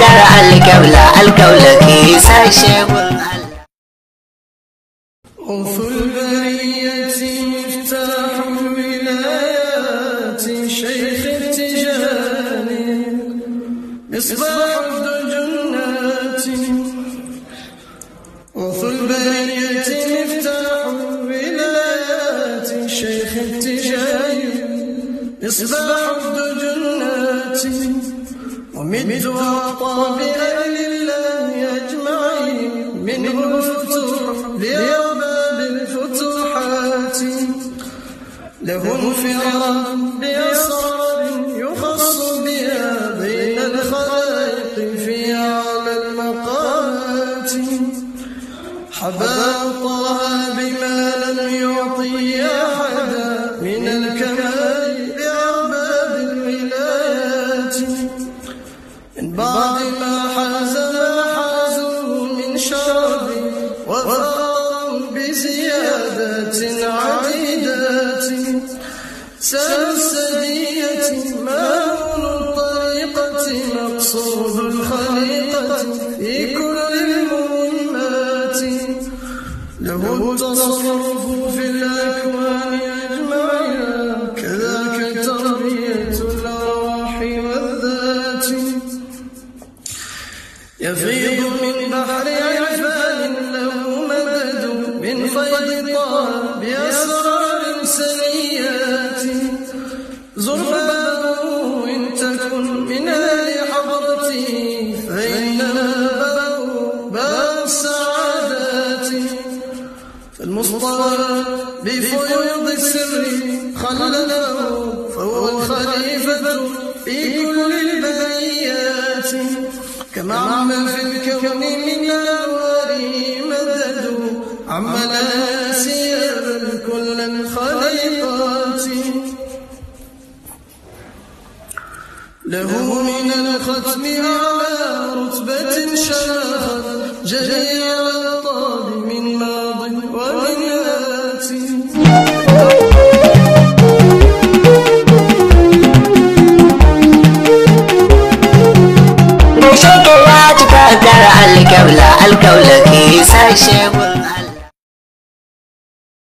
دار الكولة الكولة كيسا شيخ غوث البرية مفتاح الولاية شيخ التجان مصباح الجنات غوث البرية مفتاح الولاية شيخ التجان مصباح الجنات مت وطافئا لله أجمعين منه الفتوح يا باب الفتوحات له انفراد بأسرار يخص بها بين الخلائق في أعلى المقامات حبا طه وفرحا بزيادة عديدة سلسلية ما الطريقة مقصود الخليقة في كل المهمات له التصرف في الأكوان أجمعها كذاك تربية الأرواح والذات يفيض من بحر فإن البر باب السعادة فالمصطفى بفيض السر خلله فهو الخليفة في كل البريات كما عمل في الكون من أنوار مدد عمل له من الختم على رتبة شرفت جميع الطاب من ماض ومن آت مشاكل لا تقدر الكولة الكولة كيسة شباب